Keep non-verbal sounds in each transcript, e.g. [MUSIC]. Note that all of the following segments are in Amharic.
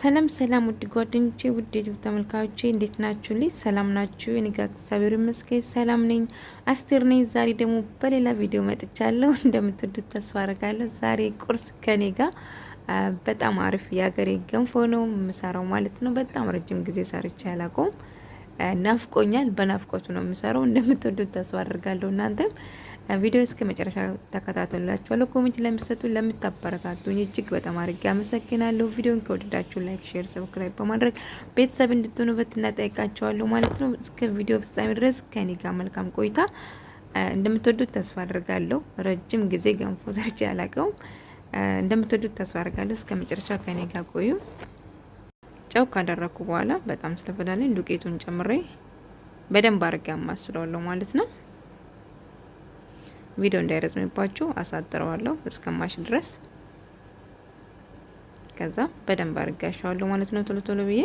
ሰላም ሰላም፣ ውድ ጓደኞቼ፣ ውድ ዩቱብ ተመልካዮቼ እንዴት ናችሁ? ልጅ ሰላም ናችሁ? እኔ ጋር እግዚአብሔር ይመስገን ሰላም ነኝ። አስቴር ነኝ። ዛሬ ደግሞ በሌላ ቪዲዮ መጥቻለሁ። [LAUGHS] እንደምትወዱት ተስፋ አረጋለሁ። ዛሬ ቁርስ ከኔ ጋር በጣም አሪፍ የሀገሬ ገንፎ ነው የምሰራው ማለት ነው። በጣም ረጅም ጊዜ ሰርቼ አላውቀውም። ናፍቆኛል። በናፍቆቱ ነው የምሰራው። እንደምትወዱት ተስፋ አድርጋለሁ እናንተም ቪዲዮ እስከ መጨረሻ ተከታተሉላችኋለሁ። ኮሜንት ለምትሰጡ ለምታበረታቱኝ እጅግ በጣም አድርጌ አመሰግናለሁ። ቪዲዮን ከወደዳችሁ ላይክ፣ ሼር፣ ሰብስክራይብ በማድረግ ቤተሰብ እንድትሆኑ በትና ጠይቃችኋለሁ ማለት ነው። እስከ ቪዲዮ ፍጻሜ ድረስ ከኔ ጋር መልካም ቆይታ። እንደምትወዱት ተስፋ አድርጋለሁ። ረጅም ጊዜ ገንፎ ሰርቼ አላውቀውም። እንደምትወዱት ተስፋ አድርጋለሁ። እስከ መጨረሻ ከኔ ጋር ቆዩ። ጨው ካደረኩ በኋላ በጣም ስለፈዳለኝ ዱቄቱን ጨምሬ በደንብ አድርጌ አማስለዋለሁ ማለት ነው። ቪዲዮ እንዳይረዝምባችሁ አሳጥረዋለሁ እስከማሽ ድረስ። ከዛ በደንብ አርጋሻዋለሁ ማለት ነው ቶሎ ቶሎ ብዬ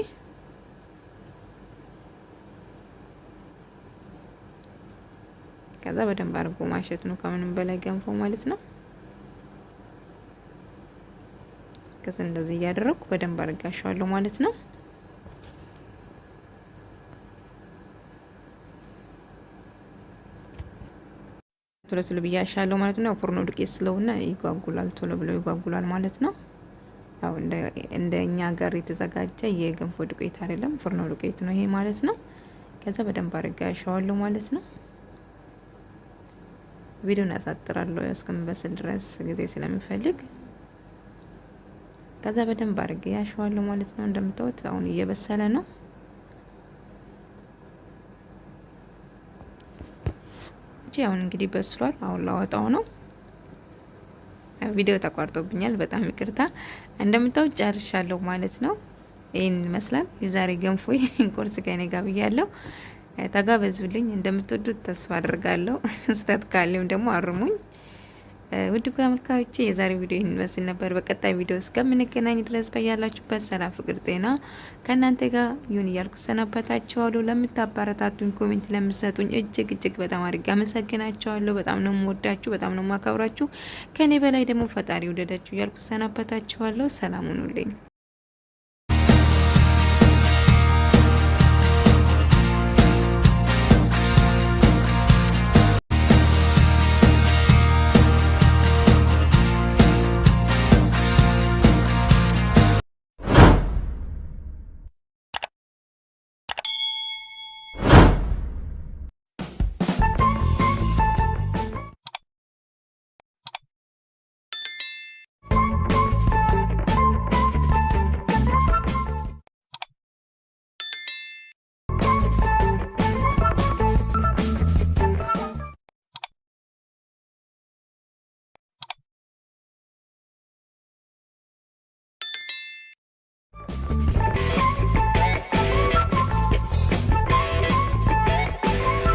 ከዛ በደንብ አድርጎ ማሸት ነው ከምንም በላይ ገንፎ ማለት ነው። ከዛ እንደዚህ እያደረኩ በደንብ አድርጋሻለሁ ማለት ነው። ቶሎ ቶሎ ብያሻለሁ ማለት ነው። ፍርኖ ዱቄት ስለሆነ ይጓጉላል፣ ቶሎ ብሎ ይጓጉላል ማለት ነው። ያው እንደ እኛ ሀገር የተዘጋጀ የገንፎ ዱቄት አይደለም፣ ፍርኖ ዱቄት ነው ይሄ ማለት ነው። ከዛ በደንብ አድርጌ ያሻዋለሁ ማለት ነው። ቪዲዮን ያሳጥራለሁ እስከሚበስል ድረስ ጊዜ ስለሚፈልግ ከዛ በደንብ አድርጌ ያሸዋለሁ ማለት ነው። እንደምታዩት አሁን እየበሰለ ነው። አሁን እንግዲህ በስሏል። አሁን ላወጣው ነው። ቪዲዮ ተቋርጦብኛል፣ በጣም ይቅርታ። እንደምታዩት ጨርሻለሁ ማለት ነው። ይህን ይመስላል የዛሬ ገንፎ ቁርስ ከኔ ጋር ብያለሁ። ተጋበዙልኝ። እንደምትወዱት ተስፋ አድርጋለሁ። ስህተት ካለም ደግሞ አርሙኝ። ውድ ተመልካቾቼ የዛሬው ቪዲዮ ይህን ይመስል ነበር። በቀጣይ ቪዲዮ እስከምንገናኝ ድረስ በያላችሁበት ሰላም፣ ፍቅር፣ ጤና ከእናንተ ጋር ይሁን እያልኩ ሰናበታችኋለሁ። ለምታባረታቱኝ ኮሜንት ለምሰጡኝ እጅግ እጅግ በጣም አድርጌ አመሰግናችኋለሁ። በጣም ነው የምወዳችሁ፣ በጣም ነው የማከብራችሁ። ከእኔ በላይ ደግሞ ፈጣሪ ውደዳችሁ እያልኩ ሰናበታችኋለሁ። ሰላም ሁኑልኝ።